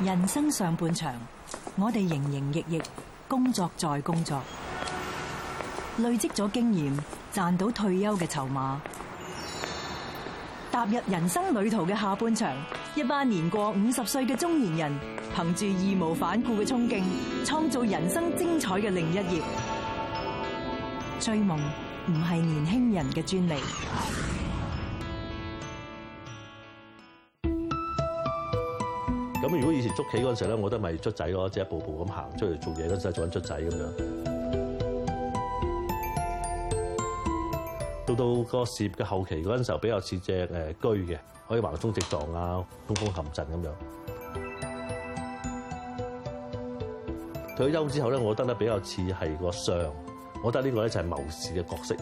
人生上半場，我哋營營役役，工作再工作，累積咗經驗，賺到退休嘅籌碼。踏入人生旅途嘅下半場，一班年過五十歲嘅中年人，憑住義無反顧嘅衝勁，創造人生精彩嘅另一頁。追夢唔係年輕人嘅專利。捉棋嗰陣時咧，我覺得咪卒仔咯，即係一步一步咁行出嚟做嘢嗰陣時候，做緊卒仔咁樣。到到個事業嘅後期嗰陣時候，比較似隻誒居嘅，可以橫衝直撞啊，東風陷陣咁樣。退休之後咧，我覺得咧比較似係個相，我覺得呢個咧就係謀士嘅角色，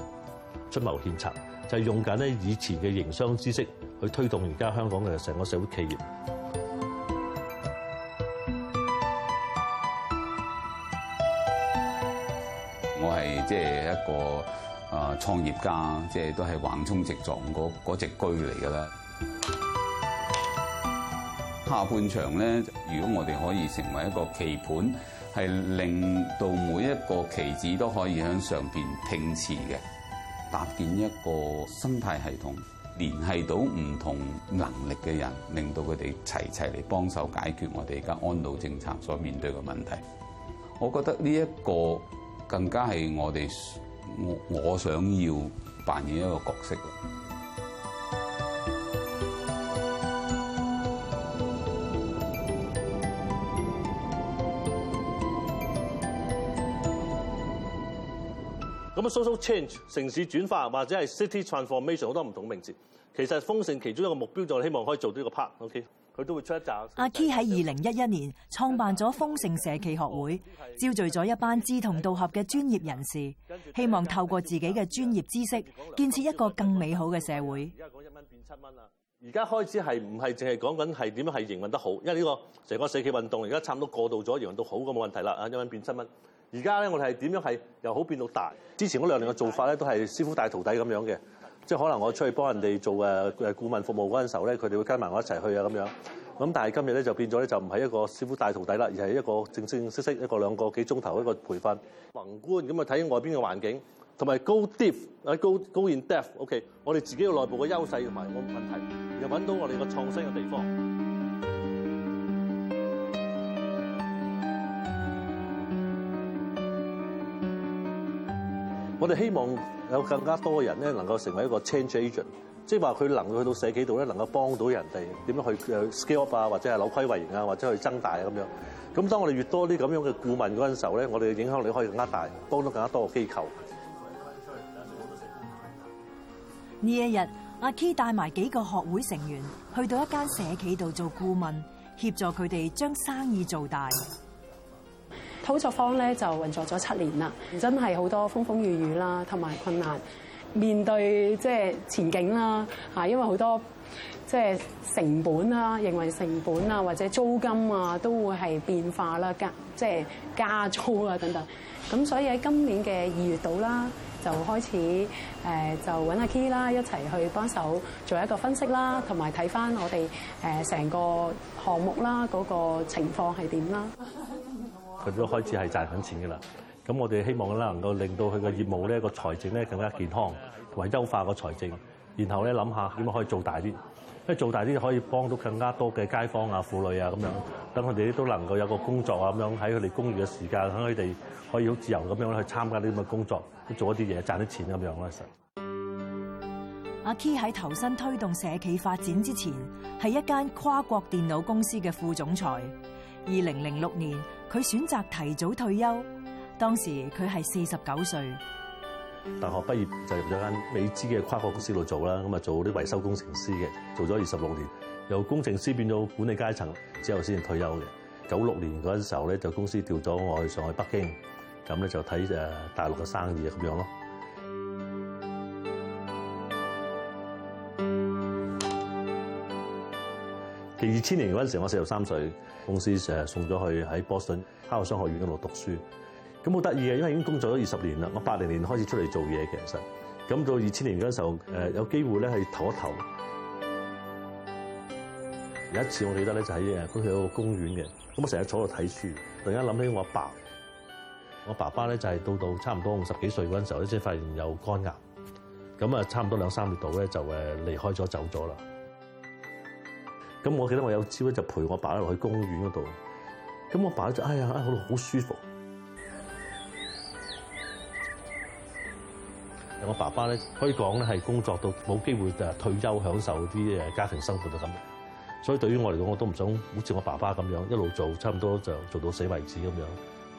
出謀獻策，就係、是、用緊咧以前嘅營商知識去推動而家香港嘅成個社會企業。即係一個啊，創業家，即係都係橫衝直撞嗰嗰隻車嚟㗎喇。下半場呢，如果我哋可以成為一個棋盤，係令到每一個棋子都可以喺上邊停滯嘅，搭建一個生態系統，聯繫到唔同能力嘅人，令到佢哋齊齊嚟幫手解決我哋而家安老政策所面對嘅問題。我覺得呢、這、一個。更加係我哋我我想要扮演一個角色。咁啊，social change 城市轉化或者係 city transformation 好多唔同名字。其實是豐盛其中一個目標就係希望可以做到呢個 part。OK。佢都會出一集。阿 K 喺二零一一年創辦咗豐盛社企學會，招聚咗一班志同道合嘅專業人士，希望透過自己嘅專業知識，建設一個更美好嘅社會。而家講一蚊變七蚊啦。而家開始係唔係淨係講緊係點樣係營運得好？因為呢個成個社企運動而家差唔多過渡咗，營運到好咁冇問題啦。啊，一蚊變七蚊。而家咧，我哋係點樣係由好變到大？之前嗰兩年嘅做法咧，都係師傅帶徒弟咁樣嘅。即係可能我出去幫人哋做誒誒顧問服務嗰陣時候咧，佢哋會跟埋我一齊去啊咁樣。咁但係今日咧就變咗咧，就唔係一個師傅帶徒弟啦，而係一個正正式式一個兩個幾鐘頭一個培訓。宏觀咁啊睇外邊嘅環境，同埋高 deep 高高 in depth。OK，我哋自己嘅內部嘅優勢同埋我問題，然後揾到我哋個創新嘅地方。我哋希望有更加多嘅人咧，能夠成為一個 change agent，即係話，佢能夠去到社企度咧，能夠幫到人哋點樣去誒 scale up 啊，或者係扭虧為盈啊，或者去增大啊咁樣。咁當我哋越多啲咁樣嘅顧問嗰陣時候咧，我哋嘅影響力可以更加大，幫到更加多嘅機構。呢一日，阿 K 帶埋幾個學會成員去到一間社企度做顧問，協助佢哋將生意做大。操作方咧就運作咗七年啦，真係好多風風雨雨啦，同埋困難面對即係前景啦，嚇，因為好多即係成本啊，認為成本啊或者租金啊都會係變化啦，加即係加租啊等等。咁所以喺今年嘅二月度啦，就開始誒就揾阿 Key 啦一齊去幫手做一個分析啦，同埋睇翻我哋誒成個項目啦，嗰個情況係點啦。佢都開始係賺緊錢㗎啦。咁我哋希望咧能夠令到佢嘅業務咧個財政咧更加健康，同埋優化個財政。然後咧諗下點樣可以做大啲，因為做大啲可以幫到更加多嘅街坊啊、婦女啊咁樣，等佢哋都能夠有個工作啊咁樣喺佢哋公餘嘅時間，等佢哋可以好自由咁樣去參加呢啲咁嘅工作，去做一啲嘢賺啲錢咁樣咯。阿 Key 喺投身推動社企發展之前係一間跨國電腦公司嘅副總裁，二零零六年。佢選擇提早退休，當時佢係四十九歲。大學畢業就入咗間美資嘅跨國公司度做啦，咁啊做啲維修工程師嘅，做咗二十六年，由工程師變咗管理階層之後先退休嘅。九六年嗰陣時候咧，就公司調咗我上去上海北京，咁咧就睇誒大陸嘅生意啊咁樣咯。二千年嗰陣時，我四十三歲，公司成日送咗去喺波士頓哈佛商學院嗰度讀書，咁好得意嘅，因為已經工作咗二十年啦。我八零年開始出嚟做嘢，嘅，其實咁到二千年嗰陣時候誒，有機會咧係唞一唞。有一次我記得咧，就喺佢嗰個公園嘅，咁我成日坐度睇書，突然間諗起我阿爸，爸，我爸爸咧就係到到差唔多五十幾歲嗰陣時候咧，先發現有肝癌，咁啊差唔多兩三個月度咧就誒離開咗走咗啦。咁我記得我有朝咧，就陪我爸咧落去公園嗰度。咁我爸就哎呀，啊、哎、好，好舒服。 我爸爸咧可以講咧係工作到冇機會誒退休享受啲家庭生活就咁。所以對於我嚟講，我都唔想好似我爸爸咁樣一路做，差唔多就做到死為止咁樣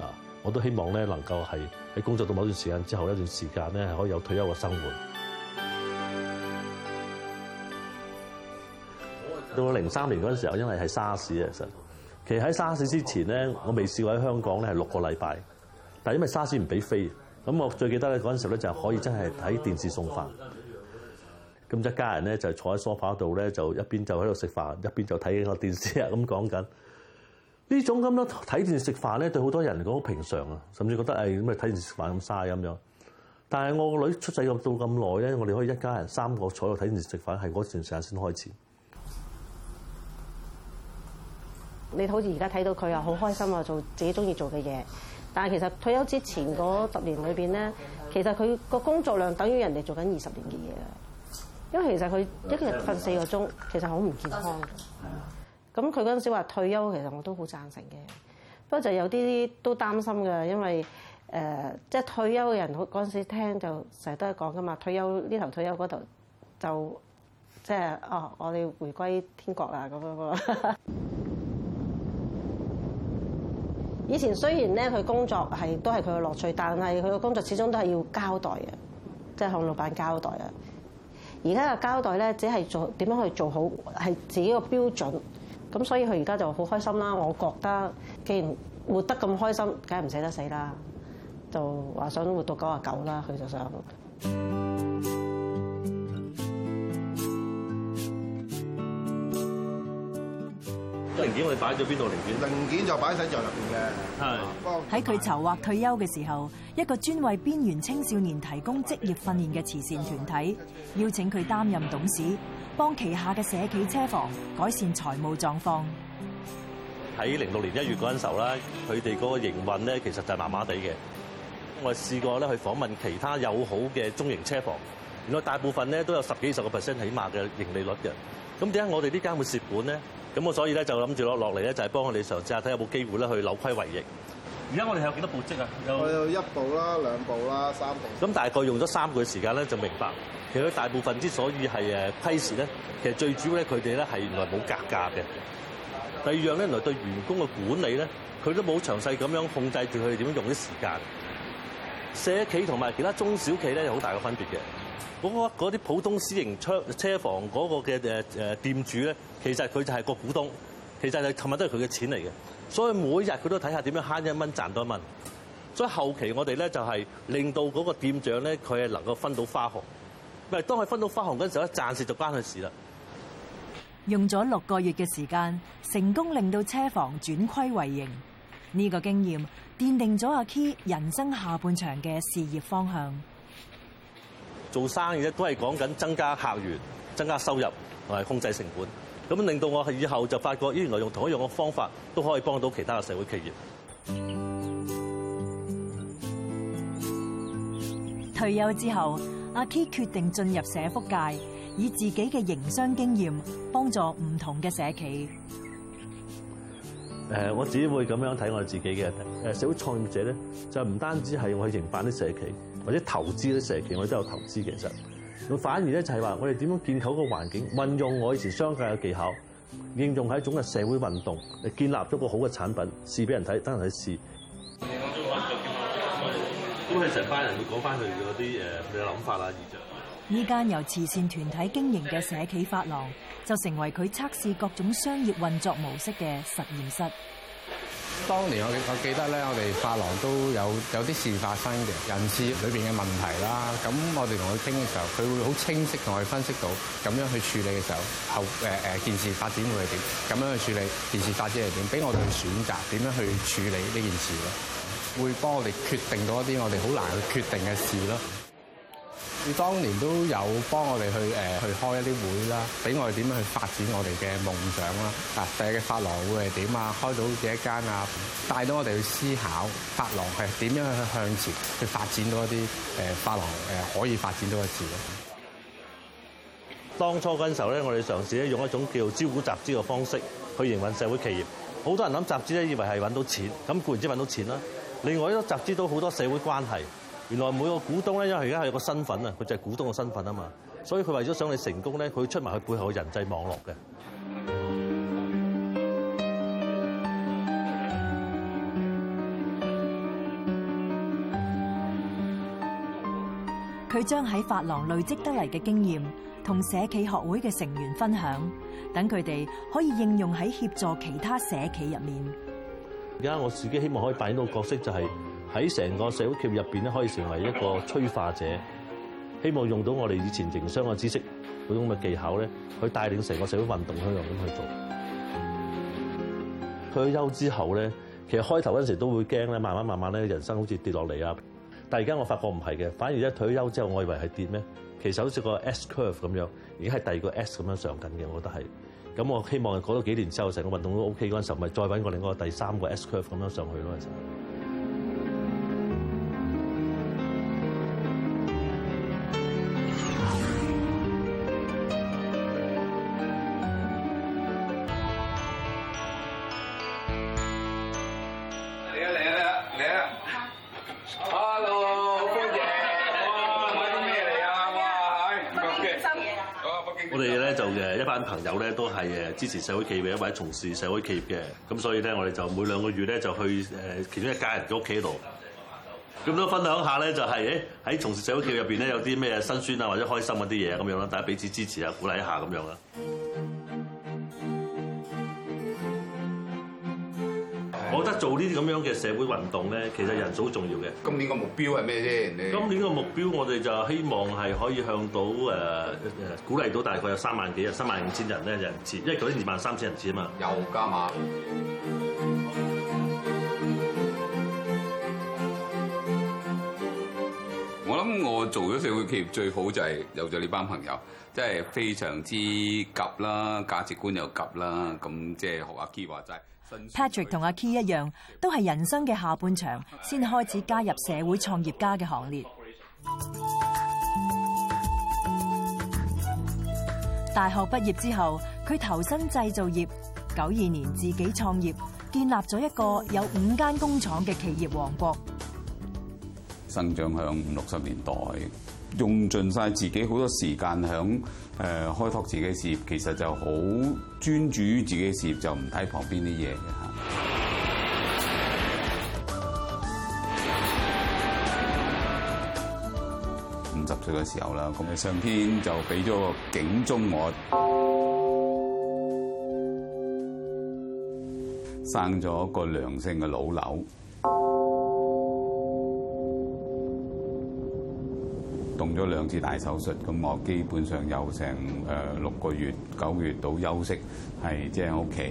啊！我都希望咧能夠係喺工作到某段時間之後，一段時間咧係可以有退休嘅生活。到零三年嗰陣時候，因為係沙士啊，其實其實喺沙士之前咧，我未試過喺香港咧係六個禮拜，但係因為沙士唔俾飛，咁我最記得咧嗰陣時候咧就可以真係睇電視送飯，咁一家人咧就坐喺梳化度咧，就一邊就喺度食飯，一邊就睇個電視啊咁講緊。呢種咁樣睇電視食飯咧，對好多人嚟講好平常啊，甚至覺得誒咩睇電視食飯咁嘥咁樣。但係我個女出世咁到咁耐咧，我哋可以一家人三個坐喺度睇電視食飯，係嗰段時間先開始。你好似而家睇到佢啊，好開心啊，做自己中意做嘅嘢。但係其實退休之前嗰十年裏邊咧，其實佢個工作量等於人哋做緊二十年嘅嘢啦。因為其實佢一日瞓四個鐘，其實好唔健康㗎。係啊。咁佢嗰陣時話退休，其實我都好贊成嘅。不過就有啲都擔心㗎，因為誒、呃、即係退休嘅人，好嗰陣時聽就成日都係講㗎嘛。退休呢頭退休嗰頭就即係、就是、哦，我哋回歸天國啦咁樣 以前雖然咧，佢工作係都係佢嘅樂趣，但係佢嘅工作始終都係要交代嘅，即係向老闆交代啊。而家嘅交代咧，只係做點樣去做好，係自己個標準。咁所以佢而家就好開心啦。我覺得既然活得咁開心，梗係唔捨得死啦，就話想活到九啊九啦，佢就想。零件會擺咗邊度？零件零件就擺喺洗手間入邊嘅。係喺佢籌劃退休嘅時候，一個專為邊緣青少年提供職業訓練嘅慈善團體邀請佢擔任董事，幫旗下嘅社企車房改善財務狀況。喺零六年一月嗰陣時候咧，佢哋嗰個營運咧，其實就係麻麻地嘅。我試過咧去訪問其他友好嘅中型車房，原來大部分咧都有十幾十個 percent 起碼嘅盈利率嘅。咁點解我哋呢間會蝕本咧？咁我所以咧就諗住落落嚟咧就係幫我哋嘗試下睇有冇機會咧去扭虧為盈。而家我哋係有幾多步驟啊？有一步啦、兩步啦、三步。咁大概用咗三個月時間咧，就明白其實大部分之所以係虧蝕呢，咧，其實最主要咧佢哋咧係原來冇格價嘅。第二樣咧原來對員工嘅管理咧，佢都冇詳細咁樣控制住佢哋點樣用啲時間。社企同埋其他中小企咧有好大嘅分別嘅。嗰個嗰啲普通私營車車房嗰個嘅誒誒店主咧，其實佢就係個股東，其實係尋日都係佢嘅錢嚟嘅，所以每日佢都睇下點樣慳一蚊賺多一蚊。所以後期我哋咧就係令到嗰個店長咧，佢係能夠分到花紅，因為當佢分到花紅嗰陣時咧，暫時就關佢事啦。用咗六個月嘅時間，成功令到車房轉虧為盈，呢個經驗奠定咗阿 Key 人生下半場嘅事業方向。做生意咧都係講緊增加客源、增加收入同埋控制成本，咁令到我係以後就發覺，原來用同一樣嘅方法都可以幫到其他嘅社會企業。退休之後，阿 K 決定進入社福界，以自己嘅營商經驗幫助唔同嘅社企。我只會咁樣睇我自己嘅社會創業者咧，就唔單止係我去營辦啲社企。或者投資啲社企，我哋都有投資。其實，我反而咧就係話，我哋點樣建構個環境，運用我以前商界嘅技巧，應用喺一種嘅社會運動，嚟建立咗個好嘅產品，試俾人睇，等人去試。都係成班人會講翻佢嗰啲誒咩諗法啦。依家，依間由慈善團體經營嘅社企發廊，就成為佢測試各種商業運作模式嘅實驗室。當年我我記得咧，我哋法郎都有有啲事發生嘅人事裏面嘅問題啦。咁我哋同佢傾嘅時候，佢會好清晰同我哋分析到咁樣去處理嘅時候後誒誒，件、呃、事發展會係點？咁樣去處理，件事發展係點？俾我哋去選擇點樣去處理呢件事咯，會幫我哋決定到一啲我哋好難去決定嘅事咯。你當年都有幫我哋去誒去開一啲會啦，俾我哋點樣去發展我哋嘅夢想啦。嗱，第日嘅法郎會係點啊？開到幾間啊？帶到我哋去思考法郎係點樣去向前去發展到一啲誒法郎誒可以發展到嘅事。當初嗰陣時候咧，我哋嘗試咧用一種叫招股集資嘅方式去營運社會企業。好多人諗集資咧，以為係揾到錢，咁固然之揾到錢啦。另外都集資到好多社會關係。原來每個股東咧，因為而家係個身份啊，佢就係股東嘅身份啊嘛，所以佢為咗想你成功咧，佢出埋佢背後嘅人際網絡嘅。佢將喺髮廊累積得嚟嘅經驗，同社企學會嘅成員分享，等佢哋可以應用喺協助其他社企入面。而家我自己希望可以扮演呢個角色，就係、是。喺成個社會橋入邊咧，可以成為一個催化者。希望用到我哋以前營商嘅知識嗰種嘅技巧咧，去帶領成個社會運動咁去做。退休之後咧，其實開頭嗰陣時都會驚咧，慢慢慢慢咧，人生好似跌落嚟啊！但係而家我發覺唔係嘅，反而一退休之後，我以為係跌咩？其實好似個 S curve 咁樣，而家係第二個 S 咁樣上緊嘅，我覺得係。咁我希望過多幾年之後，成個運動都 OK 嗰陣時候咪再揾個另外第三個 S curve 咁樣上去咯。嗰陣時候～我哋咧就誒一班朋友咧都係誒支持社會企業，或者從事社會企業嘅，咁所以咧我哋就每兩個月咧就去誒其中一家人嘅屋企度，咁都分享一下咧就係誒喺從事社會企業入邊咧有啲咩辛酸啊或者開心嗰啲嘢咁樣啦，大家彼此支持啊，鼓勵一下咁樣啦。我覺得做呢啲咁樣嘅社會運動咧，其實人數好重要嘅。今年個目標係咩先？今年個目標我哋就希望係可以向到誒誒、呃、鼓勵到大概有三萬幾人、三萬五千人咧，人次，因為嗰啲二萬三千人次啊嘛。又加碼。我諗我做咗社會企業最好就係有咗呢班朋友，即係非常之夾啦，價值觀又夾啦，咁即係學阿 Key 話齋。Patrick 同阿 K 一樣，都係人生嘅下半場先開始加入社會創業家嘅行列。大學畢業之後，佢投身製造業，九二年自己創業，建立咗一個有五間工廠嘅企業王國。生長響六十年代。用盡晒自己好多時間響誒開拓自己嘅事業，其實就好專注於自己嘅事業，就唔睇旁邊啲嘢嘅嚇。五十歲嘅時候啦，咁嘅上天就俾咗個警鐘我，生咗個良性嘅老瘤。做咗兩次大手術，咁我基本上有成誒六個月、九個月到休息，係即係屋企。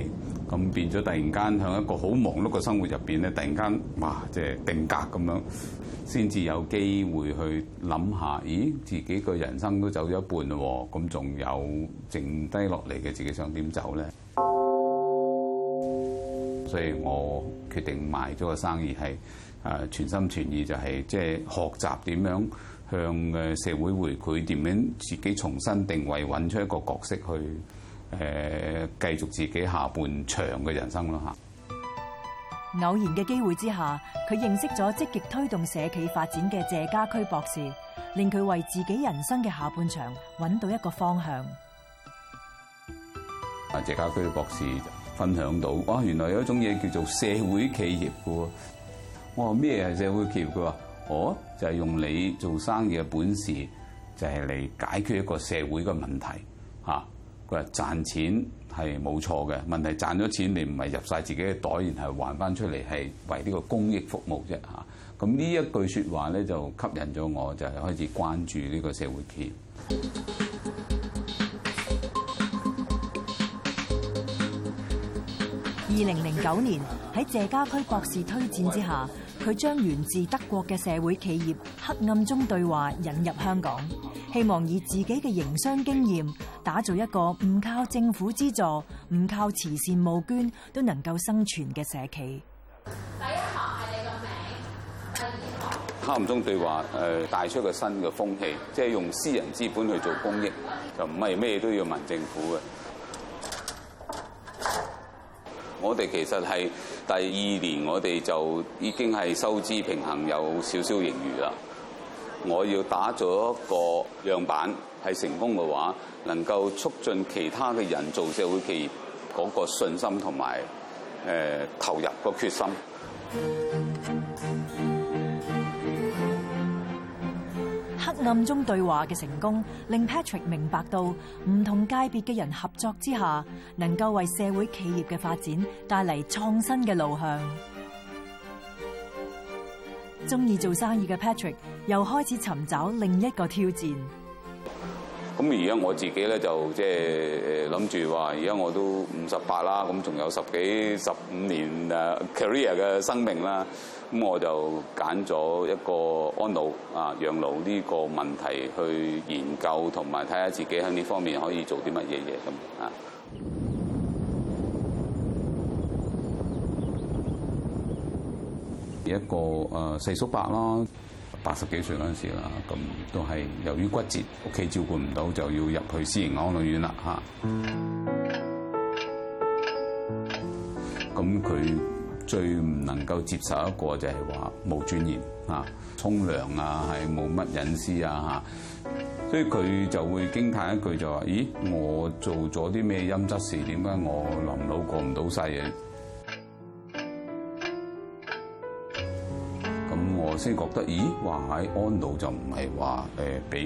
咁、就是 OK，變咗，突然間向一個好忙碌嘅生活入邊咧，突然間哇，即、就、係、是、定格咁樣，先至有機會去諗下，咦，自己個人生都走咗一半喎，咁仲有剩低落嚟嘅，自己想點走咧？所以我決定賣咗個生意是，係誒全心全意、就是，就係即係學習點樣。向誒社會回饋，點樣自己重新定位，揾出一個角色去誒繼、呃、續自己下半場嘅人生咯嚇。偶然嘅機會之下，佢認識咗積極推動社企發展嘅謝家駒博士，令佢為自己人生嘅下半場揾到一個方向。啊，謝家駒博士分享到，哇、哦，原來有一種嘢叫做社會企業嘅喎。我話咩係社會企業？佢話。我就係用你做生意嘅本事，就係嚟解決一個社會嘅問題。吓，佢話賺錢係冇錯嘅，問題賺咗錢你唔係入晒自己嘅袋，然後還翻出嚟係為呢個公益服務啫。吓，咁呢一句說話咧就吸引咗我，就係開始關注呢個社會企業。二零零九年喺謝家駒博士推薦之下。佢將源自德國嘅社會企業《黑暗中對話》引入香港，希望以自己嘅營商經驗，打造一個唔靠政府資助、唔靠慈善募捐都能夠生存嘅社企。第一行係你個名。黑暗中對話，誒、呃、帶出個新嘅風氣，即係用私人資本去做公益，就唔係咩都要問政府嘅。我哋其實係第二年，我哋就已經係收支平衡，有少少盈餘啦。我要打造一個樣板，係成功嘅話，能夠促進其他嘅人做社會企業嗰個信心同埋，呃，投入個決心。黑暗中對話嘅成功，令 Patrick 明白到唔同界別嘅人合作之下，能夠為社會企業嘅發展帶嚟創新嘅路向。鍾意做生意嘅 Patrick 又開始尋找另一個挑戰。咁而家我自己咧，就即係誒諗住話，而家我都五十八啦，咁仲有十幾十五年誒 career 嘅生命啦，咁我就揀咗一個安老啊養老呢個問題去研究，同埋睇下自己喺呢方面可以做啲乜嘢嘢咁啊。一個誒四叔伯咯，八十幾歲嗰陣時啦，咁都係由於骨折，屋企照顧唔到，就要入去私人安老院啦嚇。咁佢 最唔能夠接受一個就係話冇尊嚴嚇，沖涼啊，係冇乜隱私啊嚇，所以佢就會驚歎一句就話，咦，我做咗啲咩陰質事？點解我臨老過唔到世嘅？我先覺得，咦、哎？哇！喺安老就唔係話誒俾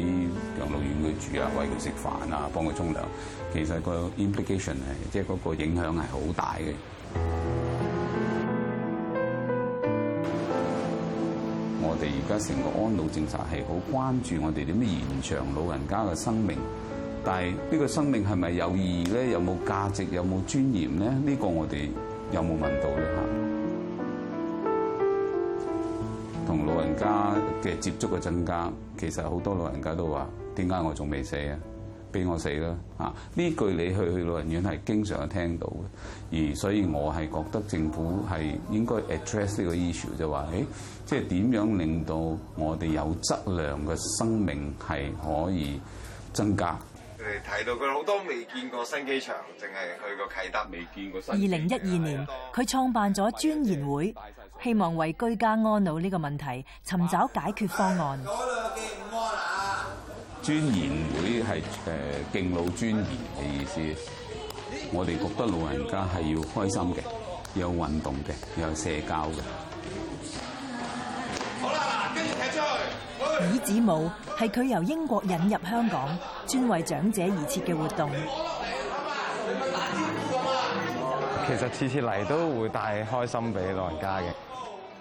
養老院佢住啊，餵佢食飯啊，幫佢沖涼。其實個 implication 係，即係嗰個影響係好、就是、大嘅。我哋而家成個安老政策係好關注我哋點樣延長老人家嘅生命，但係呢個生命係咪有意義咧？有冇價值？有冇尊嚴咧？呢、呢個我哋有冇問到咧？嚇？老人家嘅接觸嘅增加，其實好多老人家都話：點解我仲未死啊？俾我死啦！啊，呢句你去去老人院係經常有聽到嘅，而所以我係覺得政府係應該 address 呢個 issue，就話：誒，即係點樣令到我哋有質量嘅生命係可以增加？提到佢好多未見過新機場，淨係去過啟德未見過新機場。二零一二年，佢創辦咗尊賢會，希望為居家安老呢個問題尋找解決方案。專研是尊賢會係誒敬老尊賢嘅意思，我哋覺得老人家係要開心嘅，要有運動嘅，要有社交嘅。椅子舞係佢由英國引入香港，專為長者而設嘅活動。其實次次嚟都會帶開心俾老人家嘅。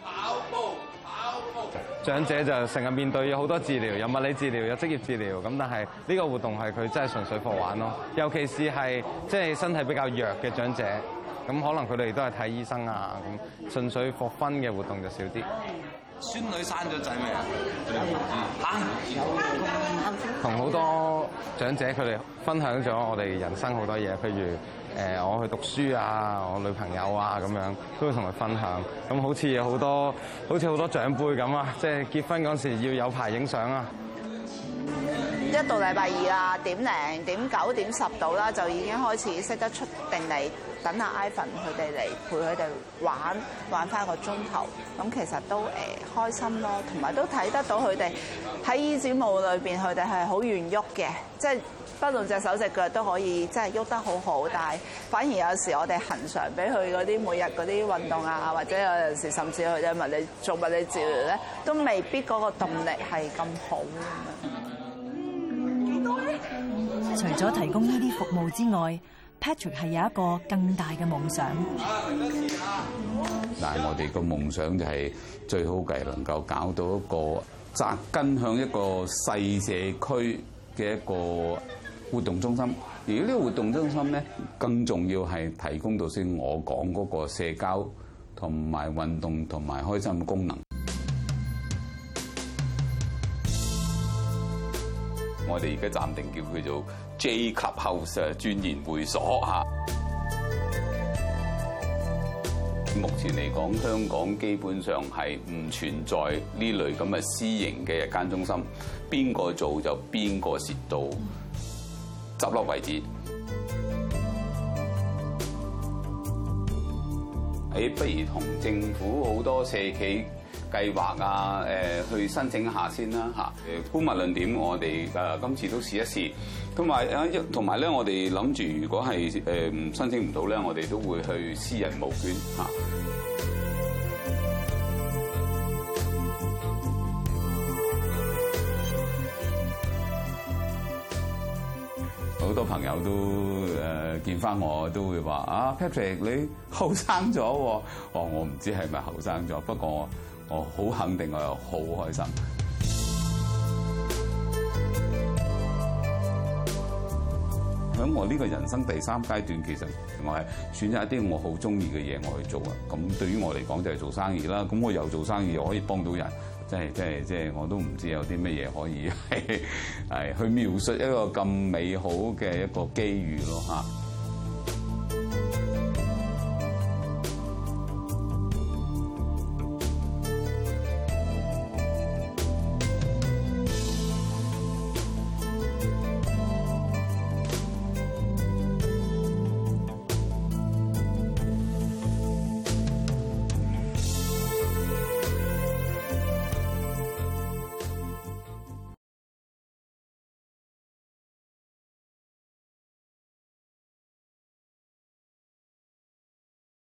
跑步，跑步。長者就成日面對有好多治療，有物理治療，有職業治療，咁但係呢個活動係佢真係純粹 for 玩咯。尤其是係即係身體比較弱嘅長者，咁可能佢哋都係睇醫生啊，咁純粹 for fun 嘅活動就少啲。孫女生咗仔未啊？嚇！同好多長者佢哋分享咗我哋人生好多嘢，譬如誒我去讀書啊，我女朋友啊咁樣，都會同佢分享。咁好似好多，好似好多長輩咁啊，即係結婚嗰時要有排影相啊。一到禮拜二啊，點零點九點十度啦，就已經開始識得出定嚟，等下 Ivan 佢哋嚟陪佢哋玩玩翻個鐘頭。咁其實都、呃、開心咯，同埋都睇得到佢哋喺椅子舞裏面，佢哋係好願喐嘅，即係不論隻手隻腳都可以即係喐得好好。但係反而有時我哋恒常俾佢嗰啲每日嗰啲運動啊，或者有陣時甚至去啲物理做物理治療咧，都未必嗰個動力係咁好。除咗提供呢啲服務之外，Patrick 係有一個更大嘅夢想。但係，我哋個夢想就係最好係能夠搞到一個紮根響一個細社區嘅一個活動中心。而呢個活動中心咧，更重要係提供到先我講嗰個社交同埋運動同埋開心嘅功能。我哋而家暫定叫佢做 J Club House 尊嚴會所嚇。目前嚟講，香港基本上係唔存在呢類咁嘅私營嘅日間中心，邊個做就邊個蝕到，執笠為止。誒，不如同政府好多社企。計劃啊，誒去申請下先啦嚇。誒，無論點，我哋今次都試一試。同埋誒，同埋咧，我哋諗住，如果係申請唔到咧，我哋都會去私人募捐嚇。好多朋友都誒見翻我，都會話啊，Patrick 你後生咗喎。哦，我唔知係咪後生咗，不過。我好肯定，我又好開心。喺我呢個人生第三階段，其實我係選擇一啲我好中意嘅嘢，我去做啊。咁對於我嚟講，就係做生意啦。咁我又做生意，又可以幫到人，真係真係真係，我都唔知有啲乜嘢可以 去描述一個咁美好嘅一個機遇咯嚇。